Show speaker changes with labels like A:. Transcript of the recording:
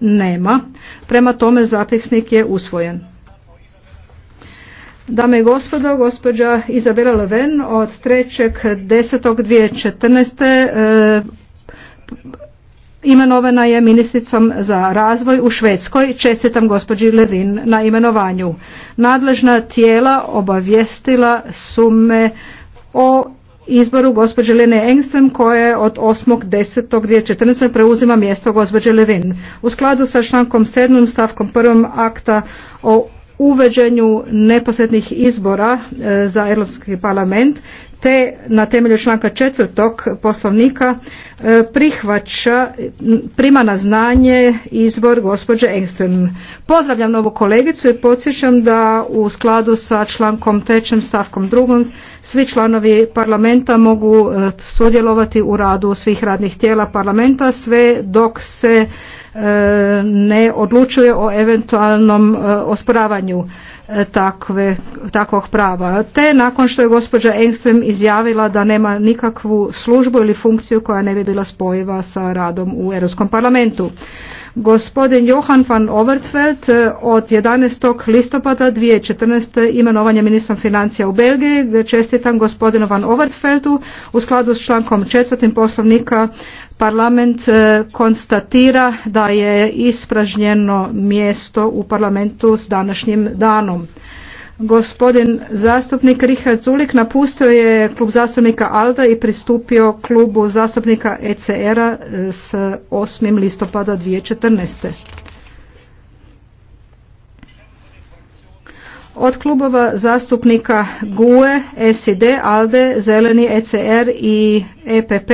A: nema. Prema tome zapisnik je usvojen. Dame i gospodo, gospođa Izabela Leven od 3.10.2014. Eh, imenovana je ministricom za razvoj u Švedskoj. Čestitam gospođi Levin na imenovanju. Nadležna tijela obavijestila su me o izboru gospođe Lene Engström koja je od 8.10.2014. preuzima mjesto gospođe Levin. U skladu sa člankom 7. stavkom 1. akta o uveđenju neposrednih izbora e, za Europski parlament te na temelju članka četvrtog poslovnika e, prihvaća, prima na znanje izbor gospođe Engström. Pozdravljam novu kolegicu i podsjećam da u skladu sa člankom trećem stavkom drugom svi članovi parlamenta mogu e, sudjelovati u radu svih radnih tijela parlamenta sve dok se e, ne odlučuje o eventualnom osporavanju takvog prava. Te nakon što je gospođa Engström izjavila da nema nikakvu službu ili funkciju koja ne bi bila spojiva sa radom u Europskom parlamentu. Gospodin Johan van Overtveld eh, od 11. listopada 2014. imenovan je ministrom financija u Belgiji. čestitam gospodinu van Overtveldu u skladu s člankom četvrtim poslovnika parlament eh, konstatira da je ispražnjeno mjesto u parlamentu s današnjim danom. Gospodin zastupnik Richard Zulik napustio je klub zastupnika ALDA i pristupio klubu zastupnika ECR-a e, s 8. listopada 2014. Od klubova zastupnika GUE, SID, ALDE, Zeleni, ECR i EPP